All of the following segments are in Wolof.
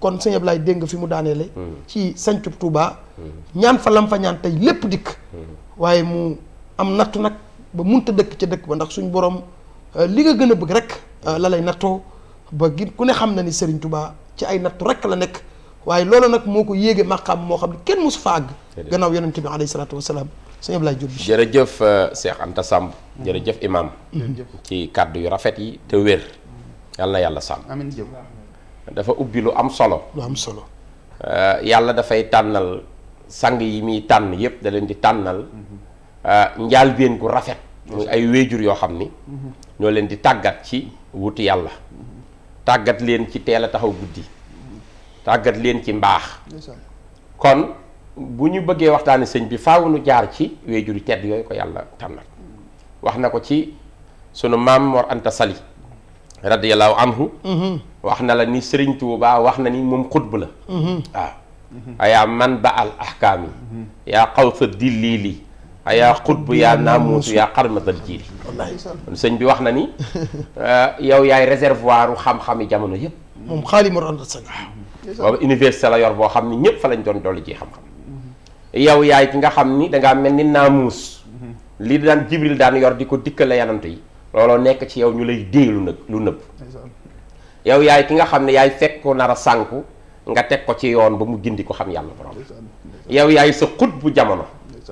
kon sëñ Ablaye dégg nga fi mu daaneele ci sancub Touba ñaan fa lam fa ñaan tey lépp dikk waaye mu am nattu nag ba mun munta dëkk ca dëkk ba ndax suñu borom euh, li nga gën a bëgg rek euh, la lay nattoo ba gi ku ne xam na ni Serigne Touba ci ay nattu rek la nekk waaye loolu nag moo ko yéege màqaam moo xam ne kenn mosu fa àgg gannaaw yonente bi alayhi salaatu wasalaam sëñ Ablaye Diop bi jërëjëf euh, Cheikh Anta Samb mm. jërëjëf imam ci kàddu yu rafet yi te wér yàlla na yàlla dafa ubbi lu am solo. lu am solo. Euh, yàlla dafay tànnal sang yi muy tànn yépp da leen di tànnal. Mm-hmm. Euh, njaalbeen gu rafet. muy ay wéejur yoo xam ni. Mm-hmm. ñoo leen di tàggat ci wuti yàlla. Mm-hmm. tàggat leen ci teel a taxaw guddi. tàggat leen ci mbaax. kon bu ñu bëggee waxtaane sëñ bi faaw nu jaar ci wéjur yi tedd yooyu ko yàlla tànnal. wax na ko ci sunu maam Mor Anta Sali. radiyallahu anhu mhm. wax na la ni Sëriñ Tuubaa wax na ni moom xutb la mhm. ayaa man ba al ahkaam yi mhm. yaa xaw sa dillii lii ayaa xutb yaa naamuusu yaa xarmatal jiili sëñ bi wax na ni yow yaay réservoir u xam yi jamono yëpp moom xaali mor ànd sa booba université yor boo xam ni ñëpp fa lañ doon dolli ci xam yow yaay ki nga xam ni dangaa mel ni naamuus li daan Jibril daan yor di ko dikkale yanante yi lolo nek ci yow ñu lay déglu nak lu neub yow yaay ki nga xamne yaay fekk ko nara sanku nga tek ko ci yoon ba mu gindi ko xam yalla borom yow yaay sa xut bu jamono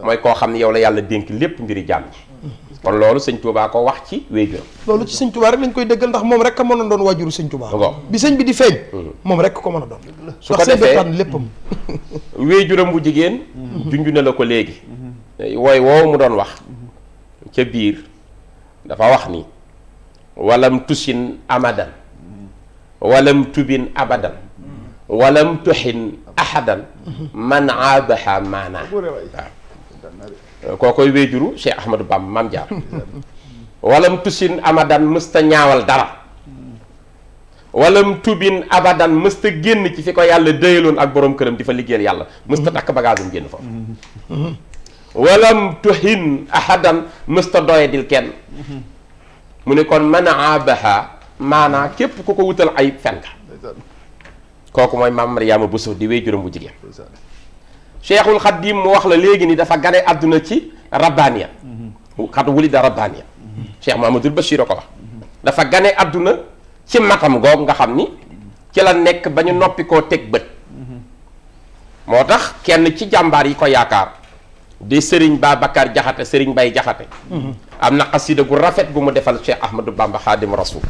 moy ko xamne yow la yalla denk lepp mbiri jamm kon lolu seigne Touba ko wax ci wéyjuram lolu ci seigne Touba rek lañ koy deggal ndax mom rek ka mëna doon wajuru seigne Touba bi seigne bi di feeñ mom mm-hmm. rek ko mëna doon su ko tan leppam wéyjuram bu jigen mm-hmm. juñju na la ko légui mm-hmm. way wo mu doon wax ca biir dafa wax ni walam tusin amadan walam tubin abadan walam tuxin ahadan man aabaha maana waaw kookoy wéejuru Cheikh Ahmadou Bamba Maam Jaara walam tusin amadan mësta ñaawal dara walam tubin abadan mësta génn ci fi ko yàlla dëyaloon ak boroom këram di fa liggéeyal yàlla mësta takk bagaasum génn foofu walam tuhin ahadan mësta doyadil kenn mu ne kon man abaha maanaa képp ku ko wutal ay fen nga kooku mooy maam Mariyaama Buso di wéy juróom bu jigéen Cheikhul Xadim mu wax la léegi ni dafa gane àdduna ci rabbaaniya mhm. xat wulida rabbaaniya mhm. Cheikh Mahamadul Bachir a ko wax dafa gane àdduna ci matam googu nga xam ni ci la nekk ba ñu noppi koo teg bët mhm. moo tax kenn ci jàmbaar yi ko yaakaar di Serigne Babacar Jaxate Serigne Bay Jaxate amna qasida gu rafet bu mu defal Cheikh Ahmadou Bamba khadim rasoul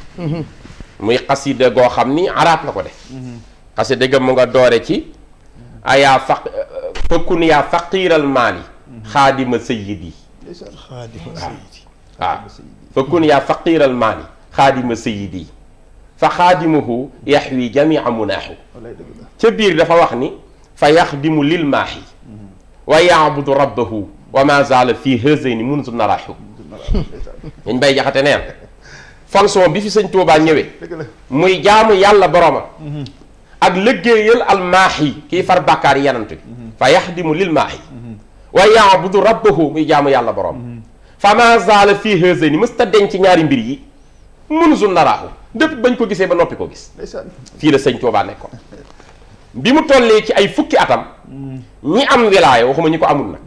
muy qasida go xamni arab lako ko def xasida ga mu nga doore ci aya faq fakun ya faqir al mali khadim sayyidi fakun ya faqir al mali khadim sayyidi fa khadimuhu yahwi jamia munahu ci bir dafa wax ni fa yakhdimu lil mahi ويعبد ربه وما زال في هزين من نراحو ان باي جاخت نيا نعم. فونكسيون بي في سيغ توبا نيوي موي جامو يالا بروما اك لغييل الماحي كي فار بكار يانت فيخدم للماحي ويعبد ربه موي جامو يالا بروما فما زال في هزين مست دنج نياري مبيري منذ نراحو ديب بنكو غيسه با نوبي كو غيس في لا سيغ توبا نيكون bi mu tollee ci ay fukki atam ñi am wilaaya waxuma ñi ko amul nag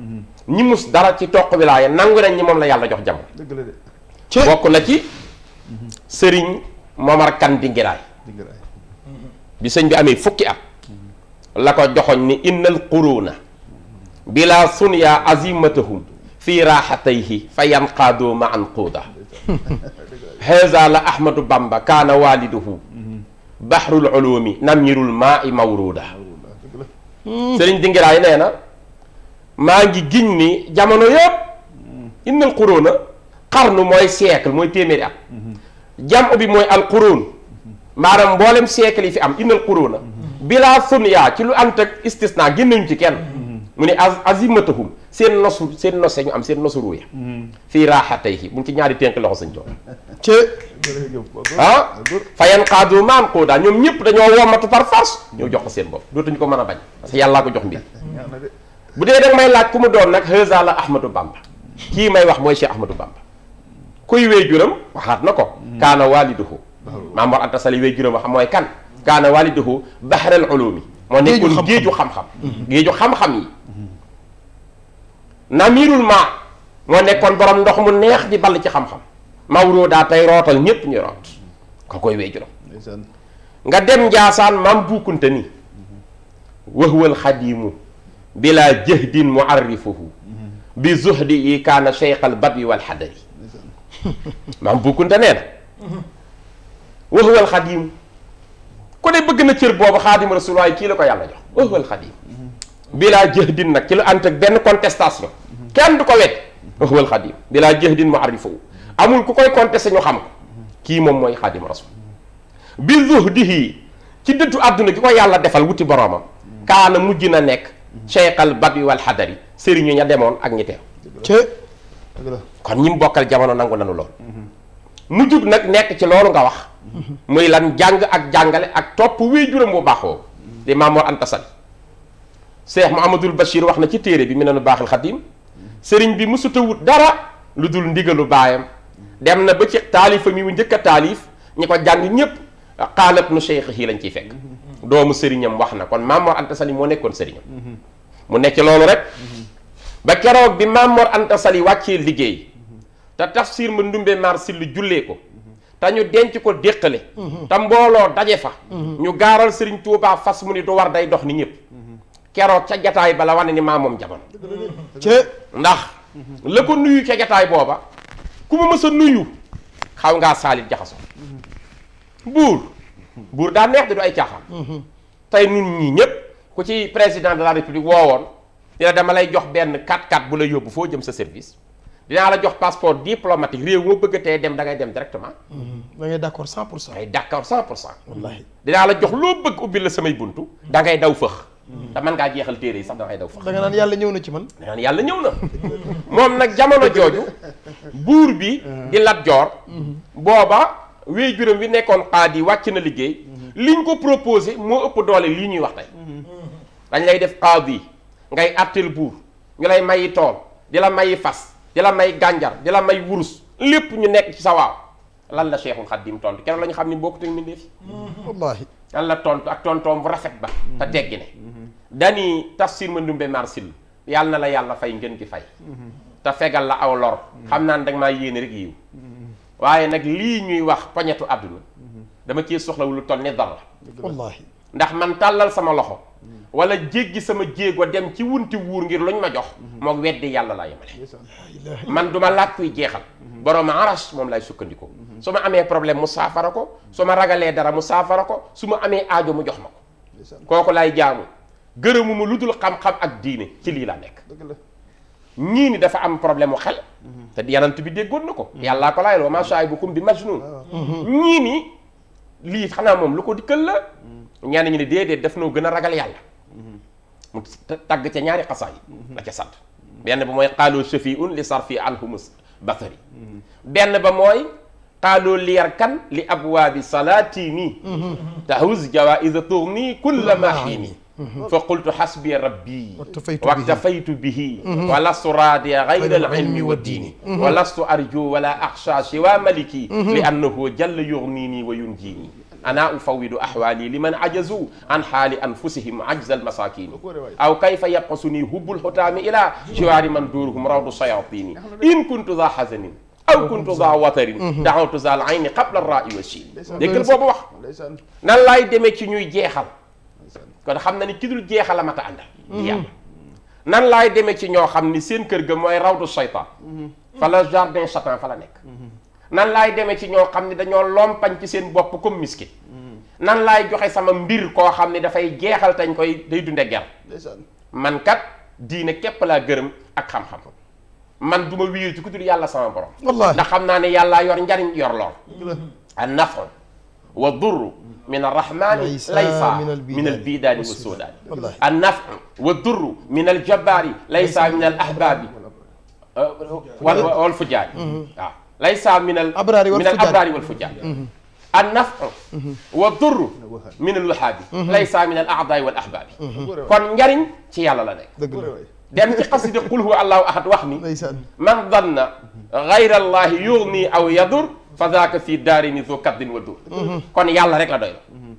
ñi mus dara ci toq wilaaya nangu nañ ñi moom la yàlla jox jamono bokk na ci sëriñ Momar Kan Dingiraay bi sëñ bi amee fukki at la ko joxoñ ni innal quruna bila sunya azimatahum fi raxatayhi fa yanqaadoo ma an quuda haza la ahmadu bamba kaana waliduhu بحر العلوم نمير الماء مورودا سرين دينغرا هنا هنا ما نجي جيني جامانو يوب إن القرون قرن موي سيكل موي تيميريا جام أبي موي القرون مارام بولم سيكل في أم إن القرون بلا سنيا كلو أنت استثناء جيني نجي muni azimatuhum sen nosu sen nos ñu am sen nosu ruya, hmm. fi rahatayhi mu ci ñaari tenk loxo señ jox ci ah fayan qaadu man quuda ñom ñep dañu womatu par force ñu jox ko bop dootu ñu ko mëna bañ parce que ko jox mbir bu dag may laaj kumu doon nak hezala ahmadu bamba ki may wax moy cheikh ahmadu bamba kuy wéy juram nako kana ko hmm. kaana waaliduhu maam anta sali juram wax moy kan kaana waaliduhu bahral ulumi mo nekul geju xam-xam geju xam-xam hmm. namirul ma moo nekkoon borom ndox mu neex di ball ci xam-xam mawroo daa tey rootal ñépp ñu root ko koy wéy juróom nga dem njaasaan maam buukunte ni waxwal xadimu bila jahdin muarrifuhu bi zuhdi kana shaykh al badwi wal hadari mam maam buukunte wa huwa al khadim ko ne bëgg na cër bobu khadim rasulullah ki la ko yàlla jox wa huwa al khadim bila jehdin nak ci lu ànd ak benn contestation kenn du ko wet wal khadim bila amul ku koy contesté ñu xam ki mom moy khadim rasul bi zuhdihi ci dëttu aduna gi ko defal wuti boroma kana mujjina nek nekk babi wal hadari, sëriñu ña demon ak ñi teew ci kon ñim bokal nek jamono nangu nanu lool mu jug nag ci loolu nga wax muy lan jang ak jangale ak top wi juróom bu baxo di mamour Anta cheikh Mouhamadul Bachir Wahna Kitere ci téere bi sering nenu baaxal xadim bi mësuta wut dara ludul ndigalu baayam dem na ba ci taalifa mi wu njëkk a taalif ñi ko jàng ñëpp nu cheikh yi lañ ciy fekk doomu kon Mamor Anta monek moo nekkoon sëriñam mu nekk loolu rek ba keroog bi Mamor Anta Sali wàccee liggéey tafsir ma ndumbe maar sill jullee ko te ñu denc ko daje fa ñu sering sëriñ Tuubaa fas mu ni war day dox ni ñëpp keroog ca jataay bala wane ni maa moom jamono ndax la ko nuyu ca jataay booba ku ma mës a nuyu xaw ngaa saalit jaxaso buur buur daa neex di du ay caaxaan tey nun ñi ñépp ku ci président de la république woowoon dina dama lay jox benn 4-4 bu la yóbbu foo jëm sa service dinaa la jox passeport diplomatique réew moo bëgg tee dem da ngay dem directement. da ngay d' pour cent. da ngay d' pour cent. wallaahi dinaa la jox loo bëgg ubbi la samay buntu. dangay ngay daw te mën ngaa jeexal téere yi sax dafay daw fa da naan yàlla ñëw na ci man da naan yàlla ñëw na moom nag jamono jooju buur bi di Lat Joor booba wéy juróom wi nekkoon xaadi wàcc na liggéey li liñ ko proposé moo ëpp doole lii ñuy wax tey dañ lay def xaadi ngay àtteel buur ñu lay mayi tool di la mayi fas di la may gànjar di la may wurus lépp ñu nekk ci sa waaw lan la Cheikhul Khadim tontu kenn la ñu xam ni bokkut ak mbindeef wallaahi lan la tontu bu rafet ba te teggi dani tafsir ma ndumbe marsil yalla la yalla fay ngeen ki fay ta fegal la aw lor xamna naa ma yene rek yiw waye nak li ñuy wax pañatu àdduna dama soxla wu lu ndax man talal sama loxo wala jéggi sama jeego dem ci wunti wuur ngir luñ ma jox moo weddi yalla la yamale man duma la kuy jeexal borom aras mom lay sukkandiko suma ma problème musafara ko suma ma dara musafara ko suma ma aajo mu jox mako ko lay jaamu gërëmu lu dul xam ak diine ci lii laa nekk ñii ni dafa am problème mu xel te yanant bi déggoon na ko mhm. yàllaa ko laayal wa maa saahibukum bi majnun ah. ñii ni lii xanaa moom lu ko dikkal la ñaan ñu ne déedéet daf noo gën a ragal yàlla mhm. mu tàgg ca ñaari xasaa yi mhm. la ca sant benn ba mooy xaaloo shafiun li sarfi alhumus basari benn ba mooy xaaloo lier kan li abwaabi salaati nii tahus jawaaisa tourni kulla mahini فقلت حسبي ربي واكتفيت به ولست راضيا غير العلم والدين ولست أرجو ولا أخشى سوى ملكي لأنه جل يغنيني وينجيني أنا أفوض أحوالي لمن عجزوا عن حال أنفسهم عجز المساكين أو كيف يقصني هب الحتام إلى جوار من دورهم روض الشياطين إن كنت ذا حزن او كنت ذا watarin دعوت ذا العين قبل الراي والشين wa siin déggal boobu wax nan laay kon xam na ni ki dul jeexal a mat a àndal. Mm-hmm. yàlla nan laay demee ci ñoo xam ni seen kër ga mooy rawdu seytaan. Mm-hmm. fa la jardin satan fa la nekk. Mm-hmm. nan laay demee ci ñoo xam ni dañoo lompañ ci seen bopp comme miskit nan laay joxe sama mbir koo xam ni dafay jeexal tañ koy day dunde ger man kat diine képp laa gërëm ak xam-xam man du ma ci ku dul yàlla sama borom. wallaahi ndax xam naa ne yàllaa yor njariñ yor lool. an nafo wa durru من الرحمن ليس, ليس من, البيدان من البيدان والسودان النفع والضر من الجبار ليس, ليس من الأحباب أه، والفجار آه. ليس من الأبرار والفجار, من الأبرار والفجار. النفع والضر من الوحاب ليس من الأعضاء والأحباب كون نجارين تي يالا لا نيك dem ci qasidi qul huwa allahu ahad wax ni man dhanna ghayra allahi fazaaka fii daari ni kaddin wa mhm. kon yàlla rek la doy la mhm.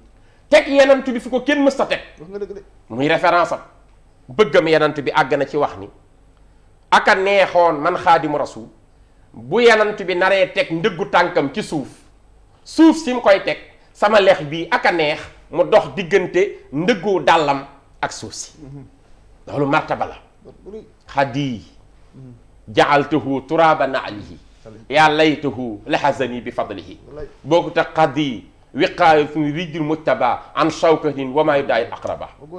teg yenant bi fu ko kenn mës teg muy référence am bëggam yenant bi àgg na ci wax ni a neexoon man xaadimu rasul bu yenant bi naree teg ndëggu tànkam ci suuf suuf si mu koy teg sama lex bii aka neex mu dox diggante ndëggu dàllam ak suuf si mhm. loolu martaba la xadii jaaltahu turaaba naalihi يا ليته لحزني بفضله بوكت قدي وقاية في رجل المتبع عن شوكة وما يدعي أقربه